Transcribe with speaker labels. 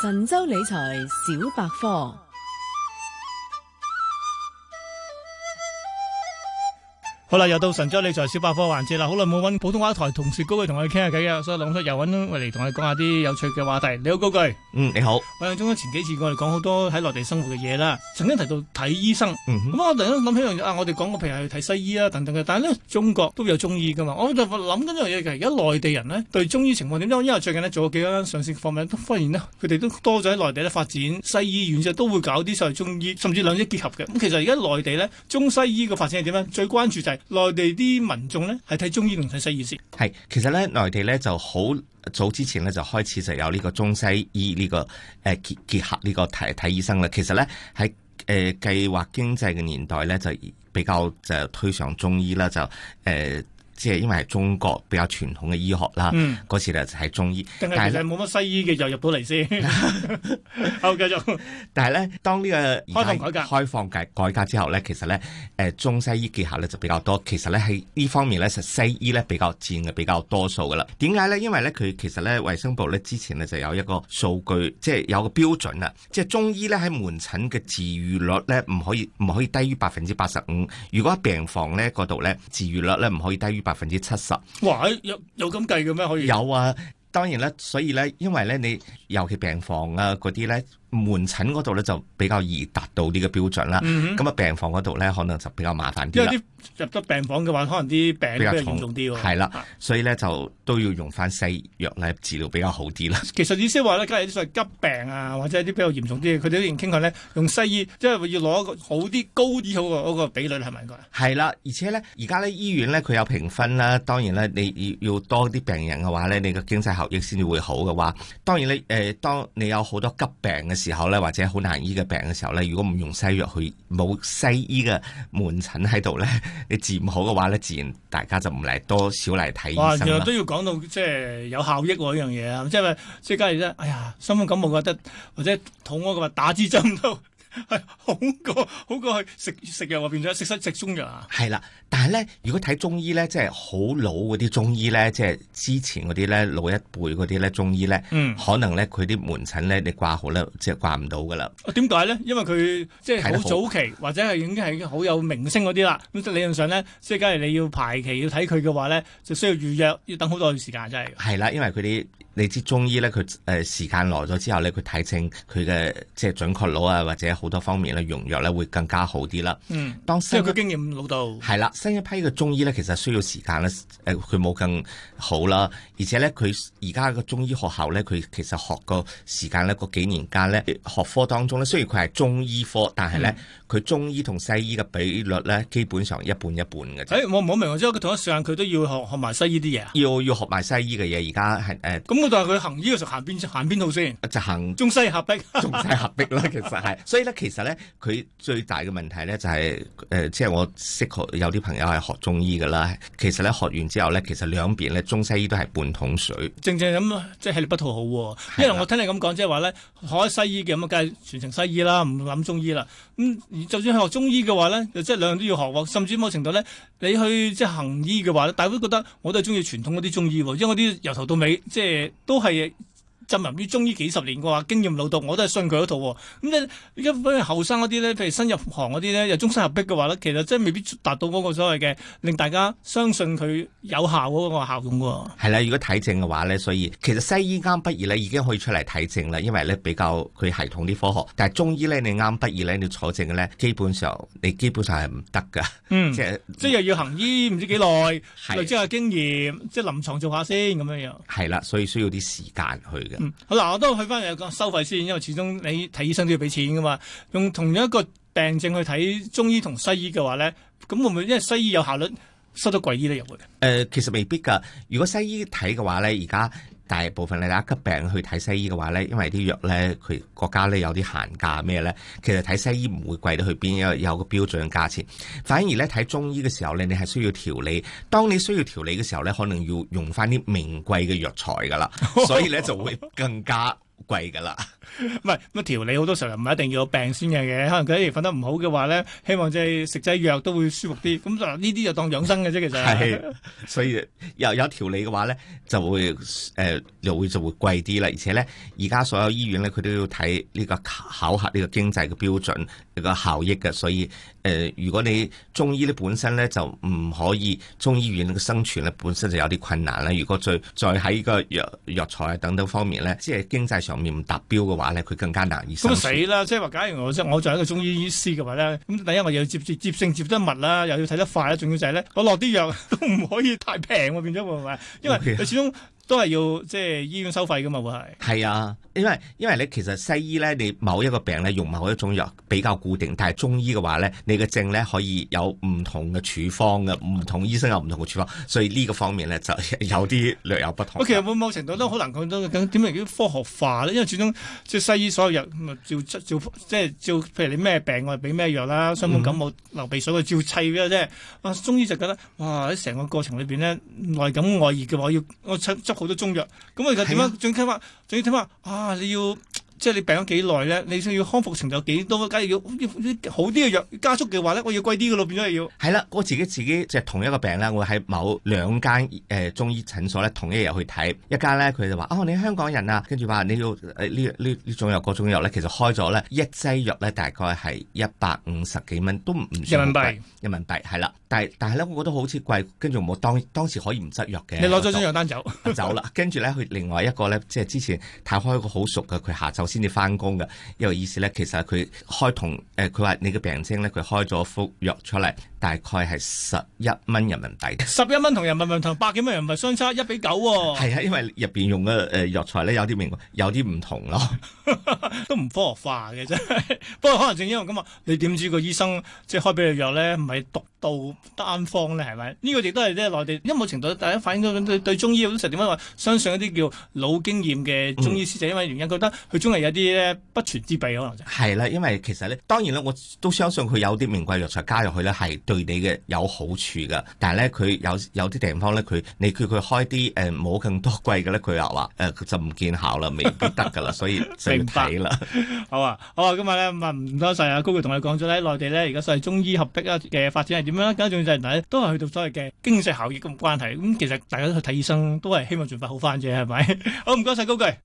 Speaker 1: 神州理財小百科。
Speaker 2: 好啦，又到神州理財小百科環節啦！好耐冇揾普通話台同事高炬同我哋傾下偈啊，所以兩叔又揾嚟同我哋講下啲有趣嘅話題。你好，高炬，嗯，你好。我諗中間前幾次我哋講好多喺內地生活嘅嘢啦，曾經提到睇醫生，咁、嗯、我突然間諗起樣嘢、啊、我哋講過譬如去睇西醫啊等等嘅，但係呢，中國都有中醫噶嘛，我就諗緊呢樣嘢其實，而家內地人呢，對中醫情況點樣？因為最近呢做咗幾間上市嘅股份，都發現呢，佢哋都多咗喺內地呢發展，西醫院嘅都會搞啲所謂中醫，甚至兩者結合嘅。咁其實而家內地呢，中西醫嘅發展係點樣呢？最關
Speaker 1: 注就係。內地啲民眾咧，係睇中醫定睇西醫先？係，其實咧，內地咧就好早之前咧，就開始就有呢個中西醫呢、這個誒結結合呢個睇睇、這個這個、醫生啦。其實咧喺誒計劃經濟嘅年代咧，就比較就推上中醫啦，就誒。呃即係因為係中國比較傳統嘅醫學啦，嗰時咧就係中醫，但係其實
Speaker 2: 冇乜西醫嘅就入到嚟先。
Speaker 1: 好、 哦，繼續。但係咧，當呢個改革開放、開放嘅改革之後咧，其實咧，誒，中西醫結合咧就比較多。其實咧喺呢方面咧，實西醫咧比較佔嘅比較多數噶啦。點解咧？因為咧，佢其實咧，衛生部咧之前咧就有一個數據，即係有個標準啦。即係中醫咧喺門診嘅治癒率咧唔可以唔可以低於百分之八十五。如果病房咧嗰度咧治癒率咧唔可以低於。百分之七十，哇！有有咁計嘅咩？可以有啊，當然啦。所以咧，因為咧，你尤其病房啊嗰啲咧。那些呢門診嗰度咧就比較易達到呢個標準啦，咁啊病房嗰度咧可能就比較麻煩啲，因為啲
Speaker 2: 入咗病房嘅話，可能啲病比較重啲喎。係啦，啊、
Speaker 1: 所以咧就都要用翻西藥嚟治療比較好啲啦。
Speaker 2: 其實意思話咧，梗係啲所謂急病啊，或者啲比較嚴重啲，佢哋都仲傾向咧用西醫，即係要攞一個好啲、高啲好個嗰個比率，係咪應該？
Speaker 1: 係啦，而且咧，而家咧醫院咧佢有評分啦，當然咧你要多啲病人嘅話咧，你個經濟效益先至會好嘅話，當然咧，誒、呃，當你有好多急病嘅。的的時候咧，或者好難醫嘅病嘅時候咧，如果唔用西藥去冇西醫嘅門診喺度咧，你治唔好嘅話咧，自然大家就唔嚟多少嚟睇醫生啦。哇，其實都要
Speaker 2: 講到即係有效益呢樣嘢啊，即係咪即係，假如咧，哎呀，傷風感冒我覺得或者肚屙嗰個打支針都。係好過好過去食食藥，或變咗食西食中藥啊。
Speaker 1: 係啦，但係咧，如果睇中醫咧，即係好老嗰啲中醫咧，即係之前嗰啲咧，老一輩嗰啲咧中醫咧，嗯，可能咧佢啲門診咧，你掛號咧，即係掛唔到噶啦。
Speaker 2: 點解咧？因為佢即係好早期，或者係已經係好有名聲嗰啲啦。咁理論上咧，即係假如你要排期要睇佢嘅話咧，就需要預約，要等好多時間，真
Speaker 1: 係。係啦，因為佢啲你知中醫咧，佢誒時間耐咗之後咧，佢睇症佢嘅即係準確度啊，或者好。好多方面咧，用藥咧會更加好啲啦。嗯，當時佢經驗老到，係啦，新一批嘅中醫咧，其實需要時間咧，誒、呃，佢冇更好啦。而且咧，佢而家嘅中醫學校咧，佢其實學個時間咧，嗰幾年間咧，學科當中咧，雖然佢係中醫科，但係咧，佢、嗯、中醫同西醫嘅比率咧，基本上一半一半嘅。誒，我唔好明白，即係佢同一時間佢都要學學埋西醫啲嘢。要要學埋西醫嘅嘢，而家係誒。咁、呃、我就係佢行醫嘅時候行邊行邊套先，就行中西合璧，中西合璧啦，其實係。 所以咧。其實咧，佢最大嘅問題咧就係、是、誒、呃，即係我識學有啲朋友係學中醫噶啦。其實咧學完之後咧，其實兩邊咧中西醫都係半桶水。正
Speaker 2: 正咁即係你不討好、啊啊、因為我聽你咁講，即係話咧學西醫嘅咁梗係全程西醫啦，唔諗中醫啦。咁、嗯、就算係學中醫嘅話咧，即係兩樣都要學。甚至某程度咧，你去即係行醫嘅話咧，大家都覺得我都係中意傳統嗰啲中醫、啊，因為嗰啲由頭到尾即係都係。浸入於中醫幾十年嘅話經驗老到，我都係信佢嗰套、哦。咁你而家好似後生嗰啲咧，譬如新入行嗰啲咧，又中西合璧嘅話咧，其實真係未必達到嗰個所謂嘅令大家相信佢有效嗰個效用喎。
Speaker 1: 係啦，如果睇症嘅話咧，所以其實西醫啱畢業咧已經可以出嚟睇症啦，因為咧比較佢系統啲科學。但係中醫咧，你啱畢業咧，你坐症嘅咧，基本上你基本上係唔得㗎。嗯。即係、嗯、即係
Speaker 2: 又要行醫唔知幾耐，即係經驗，即係臨床做下先咁樣樣。
Speaker 1: 係啦，所以需要啲時間去嘅。
Speaker 2: 嗯，好啦，我都去翻嚟講收費先，因為始終你睇醫生都要俾錢噶嘛。用同樣一個病症去睇中醫同西醫嘅話呢，咁會唔會因為西醫有效率，收得貴啲呢？又會？
Speaker 1: 誒，其實未必㗎。如果西醫睇嘅話呢，而家。大部分你打急病去睇西醫嘅話呢，因為啲藥呢，佢國家呢有啲限價咩呢？其實睇西醫唔會貴到去邊，有個個標準嘅價錢。反而呢，睇中醫嘅時候呢，你係需要調理。當你需要調理嘅時候呢，可能要用翻啲名貴嘅藥材噶啦，所以呢就會更加。貴噶啦，唔係咁調理，好多時候又唔係一定
Speaker 2: 要有病先嘅嘅，可能佢一夜瞓得唔好嘅話咧，希望即係食劑藥都會舒服啲，咁就呢啲就當養生嘅啫其實。係，
Speaker 1: 所以又有調理嘅話咧，就會誒又會就會貴啲啦，而且咧，而家所有醫院咧，佢都要睇呢個考核呢個經濟嘅標準，呢個效益嘅，所以誒、呃、如果你中醫咧本身咧就唔可以，中醫院嘅生存咧本身就有啲困難啦。如果再再喺個藥藥材等等方面咧，即係經濟。上面唔達標嘅話呢，佢更加難醫。咁死
Speaker 2: 啦！即係話，假如我即係我做一個中醫醫師嘅話呢，咁第一我又要接接症接接得密啦，又要睇得快啦、啊，仲要就係呢，我落啲藥都唔可以太平喎、啊，變咗會唔會？Okay. 因為佢始終。都係要即係、就是、醫院收費噶嘛，會係？
Speaker 1: 係啊，因為因為你其實西醫咧，你某一個病咧用某一種藥比較固定，但係中醫嘅話咧，你嘅症咧可以有唔同嘅處方嘅，唔同醫生有唔同嘅處方，所以呢個方面咧就有啲略有不同。我其
Speaker 2: 實某某程度都好難講，都點解科學化咧？因為始終即係西醫所有藥，咁啊照照即係照，譬如你咩病我俾咩藥啦，傷風感冒流鼻水我照砌㗎，即係啊中醫就覺得哇，喺成個過程裏邊咧內感外熱嘅話要我，我好多中藥，咁啊其實點樣？仲要睇翻，仲要睇翻啊！你要。即係你病咗幾耐咧？你想要康復程度幾多？假如要要好啲嘅藥加速嘅話咧，我要貴啲嘅咯，變咗係要。
Speaker 1: 係啦，我自己自己即係、就是、同一個病啦，我喺某兩間誒中醫診所咧，同一日去睇，一間咧佢就話，哦，你是香港人啊，跟住話你要、哎、呢呢呢種藥嗰種藥咧，其實開咗咧一劑藥咧，大概係一百五十幾蚊，都唔算，人民幣，人民幣係啦，但係但係咧，我覺得好似貴，跟住我當當時可以唔執藥嘅，你攞咗張藥單
Speaker 2: 走走啦，
Speaker 1: 跟住咧去另外一個咧，即係之前睇開個好熟嘅，佢下晝。先至翻工嘅，因為意思咧，其實佢開同誒，佢話你嘅病徵咧，佢開咗副藥出嚟，大概係十一蚊人民幣。
Speaker 2: 十一蚊同人民幣同
Speaker 1: 百幾蚊人民幣相差一比九。係啊，因為入邊用嘅誒藥材咧有啲名，有啲唔同咯，
Speaker 2: 都唔科學化嘅啫。 不過可能正因為咁啊，你點知個醫生即係開俾你藥咧，唔係獨到單方咧，係咪？這個、也是呢個亦都係咧內地一冇程度，大家反映到對對,對中醫有時候，我都成點樣話相信一啲叫老經驗嘅中醫師就因為原因,、嗯、因為他覺得佢中有啲咧不全之弊，可能就
Speaker 1: 係、是、啦，因為其實咧，當然咧，我都相信佢有啲名貴藥材加入去咧，係對你嘅有好處噶。但係咧，佢有有啲地方咧，佢你叫佢開啲誒冇咁多貴嘅咧，佢又話誒就唔見效啦，未必得噶啦， 所以就要睇啦。
Speaker 2: 好啊，好啊，今日咧問唔多晒啊高炬同你講咗咧，內地咧而家所謂中醫合璧啊嘅發展係點樣咧？咁啊，重要就係都係去到所謂嘅經濟效益咁關係。咁、嗯、其實大家都去睇醫生都係希望盡快好翻啫，係咪？ 好唔該晒高炬。